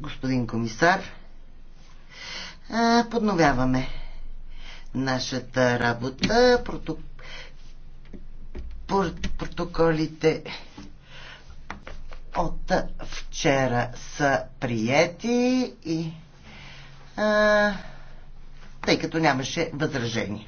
господин комисар. Подновяваме нашата работа. Протоколите от вчера са приети и а, тъй като нямаше възражение.